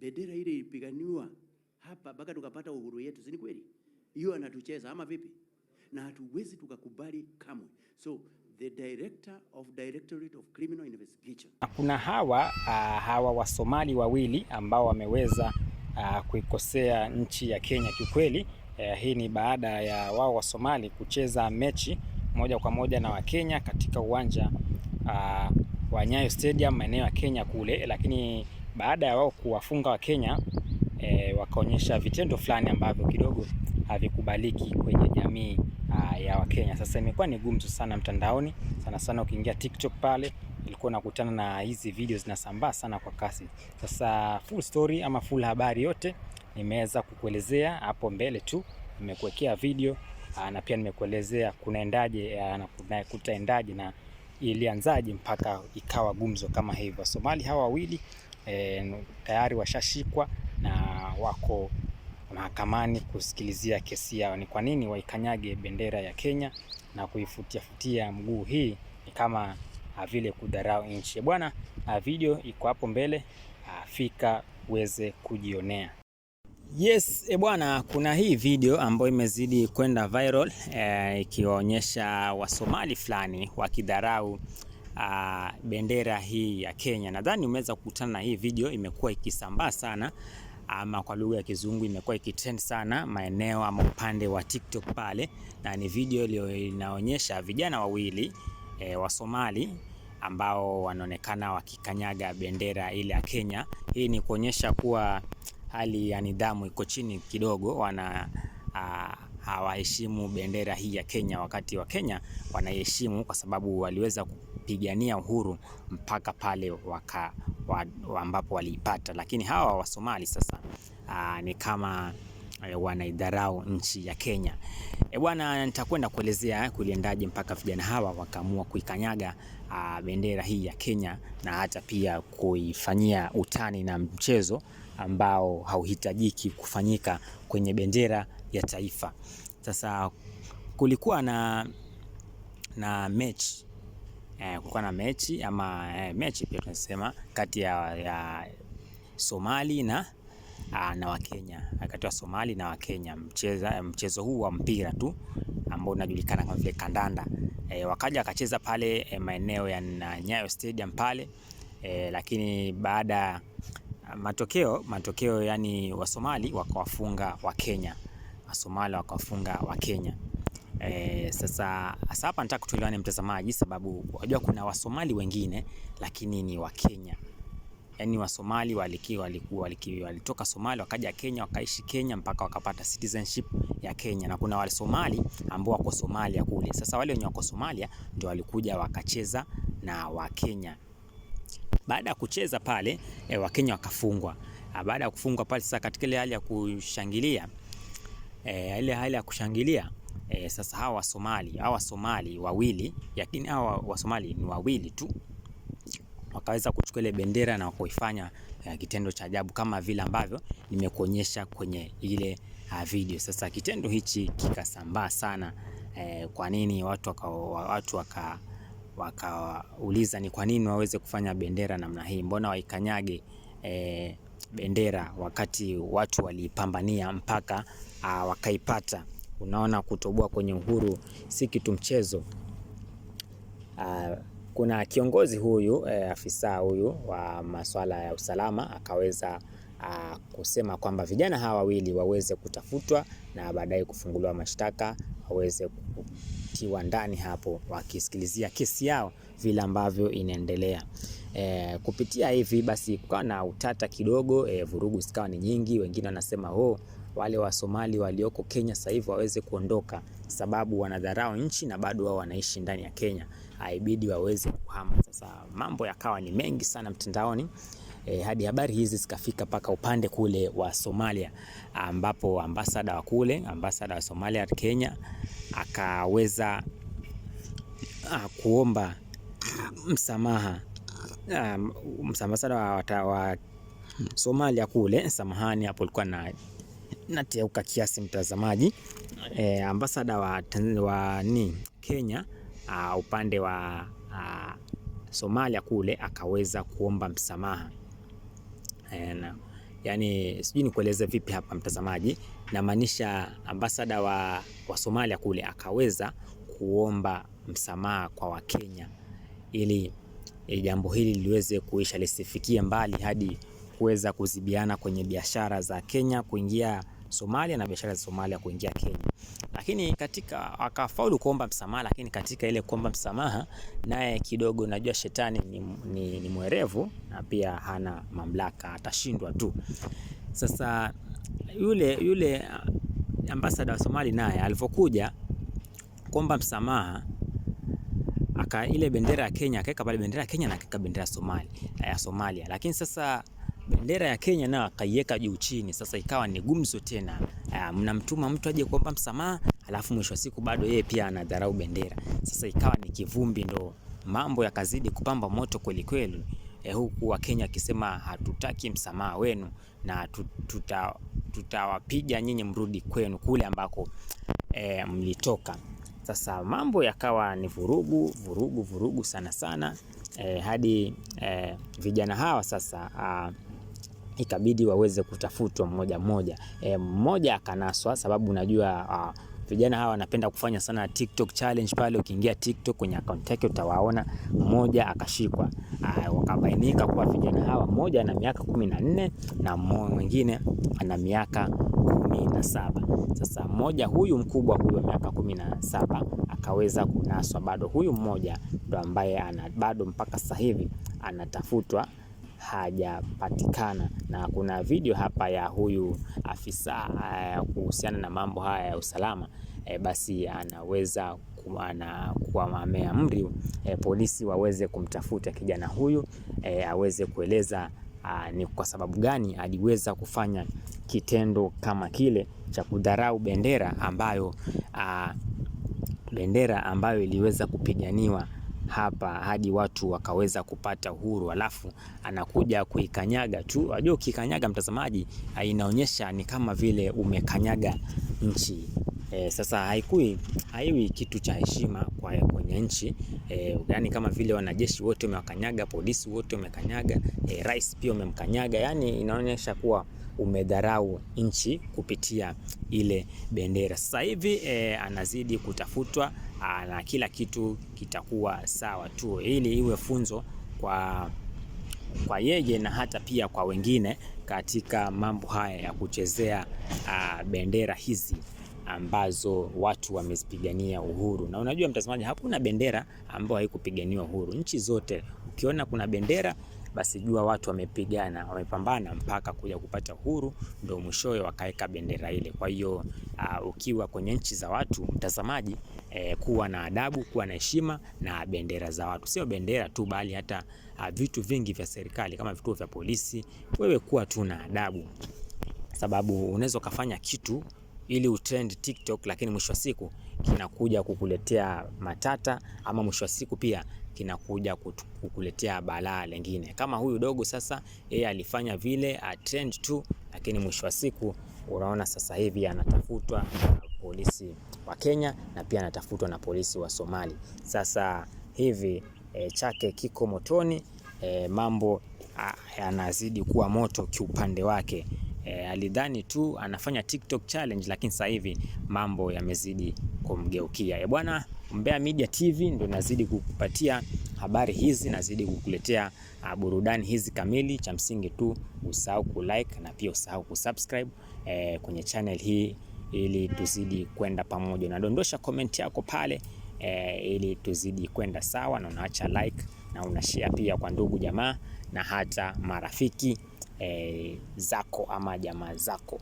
bendera ile ilipiganiwa hapa mpaka tukapata uhuru yetu, si kweli? Hiyo anatucheza ama vipi? Na hatuwezi tukakubali kamwe. So the director of Directorate of Criminal Investigation. Kuna hawa uh, hawa Wasomali wawili ambao wameweza uh, kuikosea nchi ya Kenya kiukweli. Uh, hii ni baada ya wao Wasomali kucheza mechi moja kwa moja na Wakenya katika uwanja uh, wa Nyayo Stadium maeneo ya Kenya kule, lakini baada ya wao kuwafunga Wakenya e, eh, wakaonyesha vitendo fulani ambavyo kidogo havikubaliki kwenye jamii a, ah, ya Wakenya. Sasa imekuwa ni gumzo sana mtandaoni, sana sana ukiingia TikTok pale ilikuwa nakutana na hizi video zinasambaa sana kwa kasi. Sasa full story ama full habari yote nimeweza kukuelezea hapo mbele tu, nimekuwekea video ah, na pia nimekuelezea kunaendaje ah, na kuna kutaendaje na ilianzaje mpaka ikawa gumzo kama hivyo. Somali hawa wawili e, tayari washashikwa na wako mahakamani kusikilizia kesi yao. Ni kwa nini waikanyage bendera ya Kenya na kuifutiafutia mguu? Hii ni kama ah, vile kudharau nchi bwana. Ah, video iko hapo mbele, ah, fika uweze kujionea. Yes e, bwana, kuna hii video ambayo imezidi kwenda viral e, eh, ikiwaonyesha wasomali fulani wakidharau uh, bendera hii ya Kenya. Nadhani umeweza kukutana na hii video, imekuwa ikisambaa sana ama kwa lugha ya Kizungu imekuwa ikitrend sana maeneo ama upande wa TikTok pale, na ni video inaonyesha vijana wawili e, wa Somali ambao wanaonekana wakikanyaga bendera ile ya Kenya. Hii ni kuonyesha kuwa hali ya nidhamu iko chini kidogo, wana a, hawaheshimu bendera hii ya Kenya, wakati wa Kenya wanaiheshimu kwa sababu waliweza kupigania uhuru mpaka pale waka, wa, ambapo waliipata. Lakini hawa wa Somali sasa aa, ni kama e, wanaidharau nchi ya Kenya. E bwana, nitakwenda kuelezea kuliendaje mpaka vijana hawa wakaamua kuikanyaga bendera hii ya Kenya na hata pia kuifanyia utani na mchezo ambao hauhitajiki kufanyika kwenye bendera ya taifa. Sasa kulikuwa na na mechi eh, kulikuwa na mechi ama eh, mechi pia tunasema kati ya, ya Somali na ah, na Wakenya kati ya Somali na Wakenya mcheza, mchezo huu wa mpira tu ambao unajulikana kama vile kandanda eh, wakaja wakacheza pale eh, maeneo ya Nyayo Stadium pale eh, lakini baada matokeo matokeo yani somali wakawafunga Wakenya. Somalia wakafunga wa Kenya. E, sasa sasa hapa nataka tuelewane mtazamaji, sababu unajua kuna Wasomali wengine lakini ni wa Kenya. Yaani Wasomali walikuwa waliki, walitoka Somalia wakaja Kenya wakaishi Kenya mpaka wakapata citizenship ya Kenya, na kuna wale Somali ambao wako Somalia kule. Sasa wale wenye wako Somalia ndio walikuja wakacheza na wa Kenya. Baada ya kucheza pale e, wa Kenya wakafungwa. Baada ya kufungwa pale, sasa katika ile hali ya kushangilia e, ile hali ya kushangilia e. Sasa hawa Wasomali hawa Somali wawili, lakini hawa Wasomali ni wawili tu wakaweza kuchukua ile bendera na kuifanya e, kitendo cha ajabu kama vile ambavyo nimekuonyesha kwenye ile a, ah, video. Sasa kitendo hichi kikasambaa sana e, kwa nini watu waka, watu wakauliza ni kwa nini waweze kufanya bendera namna hii, mbona waikanyage e, bendera wakati watu waliipambania mpaka a, ah, wakaipata. Unaona, kutoboa kwenye uhuru si kitu mchezo. A, ah, kuna kiongozi huyu e, afisa huyu wa masuala ya usalama akaweza a, ah, kusema kwamba vijana hawa wawili waweze kutafutwa na baadaye kufunguliwa mashtaka waweze kutiwa ndani hapo, wakisikilizia kesi yao vile ambavyo inaendelea. E, kupitia hivi basi kukawa na utata kidogo e, vurugu zikawa ni nyingi. Wengine wanasema oh, wale wa Somali walioko Kenya sasa hivi waweze kuondoka, sababu wanadharau nchi na bado wao wanaishi ndani ya Kenya, haibidi waweze kuhama. Sasa mambo yakawa ni mengi sana mtandaoni. E, hadi habari hizi zikafika mpaka upande kule wa Somalia ambapo ambasada wa kule ambasada wa Somalia Kenya akaweza kuomba msamaha msambasada wa Somalia kule, samahani hapo ulikuwa na nateuka kiasi mtazamaji. E, ambasada wa, wa ni Kenya uh, upande wa uh, Somalia kule akaweza kuomba msamaha e, na, yani sijui nikueleze vipi hapa mtazamaji, namaanisha ambasada wa, wa Somalia kule akaweza kuomba msamaha kwa Wakenya ili e, jambo hili liweze kuisha lisifikie mbali hadi kuweza kuzibiana kwenye biashara za Kenya kuingia Somalia na biashara za Somalia kuingia Kenya. Lakini katika akafaulu kuomba msamaha, lakini katika ile kuomba msamaha naye kidogo, najua shetani ni, ni, ni mwerevu na pia hana mamlaka, atashindwa tu. Sasa yule yule ambasada wa Somali naye alivyokuja kuomba msamaha aka ile bendera ya Kenya akaweka pale bendera ya Kenya na akaweka bendera ya Somalia, eh, ya Somalia. Lakini sasa bendera ya Kenya nayo akaiweka juu chini, sasa ikawa ni gumzo tena. Eh, mnamtuma mtu aje kuomba msamaha, alafu mwisho wa siku bado yeye pia anadharau bendera. Sasa ikawa ni kivumbi, ndo mambo yakazidi kupamba moto kweli kweli. E, huku wa Kenya akisema hatutaki msamaha wenu na tutawapiga tuta nyinyi mrudi kwenu kule ambako e, mlitoka. Sasa mambo yakawa ni vurugu vurugu vurugu sana sana e, hadi e, vijana hawa sasa a, ah, ikabidi waweze kutafutwa mmoja mmoja. E, mmoja akanaswa sababu unajua ah, Vijana hawa wanapenda kufanya sana TikTok challenge pale. Ukiingia TikTok kwenye akaunti yake utawaona, mmoja akashikwa, ah, wakabainika kuwa vijana hawa, mmoja ana miaka kumi na nne na mwingine ana miaka kumi na saba. Sasa mmoja huyu mkubwa huyu wa miaka kumi na saba akaweza kunaswa, bado huyu mmoja ndo ambaye ana bado mpaka sasa hivi anatafutwa hajapatikana. Na kuna video hapa ya huyu afisa eh, kuhusiana na mambo haya ya usalama e, basi anaweza kuwa ameamri e, eh, polisi waweze kumtafuta kijana huyu e, aweze kueleza a, ah, ni kwa sababu gani aliweza kufanya kitendo kama kile cha kudharau bendera ambayo a, ah, bendera ambayo iliweza kupiganiwa hapa hadi watu wakaweza kupata uhuru, alafu anakuja kuikanyaga tu. Unajua, ukikanyaga mtazamaji, inaonyesha ni kama vile umekanyaga nchi E, sasa haikui haiwi kitu cha heshima kwa kwenye nchi e, eh, yani kama vile wanajeshi wote umewakanyaga, polisi wote umekanyaga e, eh, rais pia umemkanyaga, yani inaonyesha kuwa umedharau nchi kupitia ile bendera. Sasa hivi e, anazidi kutafutwa ah, na kila kitu kitakuwa sawa tu, ili iwe funzo kwa kwa yeye na hata pia kwa wengine katika mambo haya ya kuchezea a, ah, bendera hizi ambazo watu wamezipigania uhuru. Na unajua mtazamaji, hakuna bendera ambayo haikupiganiwa uhuru. Nchi zote ukiona kuna bendera basi jua watu wamepigana, wamepambana mpaka kuja kupata uhuru, ndio mwishowe wakaweka bendera ile. Kwa hiyo uh, ukiwa kwenye nchi za watu mtazamaji, eh, kuwa na adabu, kuwa na heshima na bendera za watu, sio bendera tu, bali hata uh, vitu vingi vya serikali kama vituo vya polisi. Wewe kuwa tu na adabu, sababu unaweza ukafanya kitu ili utrend TikTok, lakini mwisho wa siku kinakuja kukuletea matata ama mwisho wa siku pia kinakuja kukuletea balaa lengine, kama huyu dogo sasa. Yeye alifanya vile trend tu, lakini mwisho wa siku unaona sasa hivi anatafutwa na polisi wa Kenya na pia anatafutwa na polisi wa Somali. Sasa hivi e, chake kiko motoni e, mambo yanazidi kuwa moto kiupande wake. E, alidhani tu anafanya TikTok challenge, lakini sasa hivi mambo yamezidi kumgeukia. E bwana, Umbea Media TV ndio nazidi kukupatia habari hizi, nazidi kukuletea burudani hizi kamili. Cha msingi tu usahau ku like na pia usahau kusubscribe e, kwenye channel hii ili tuzidi kwenda pamoja. Nadondosha comment yako pale e, ili tuzidi kwenda sawa, na unaacha like na unashare pia kwa ndugu jamaa na hata marafiki e, zako ama jamaa zako.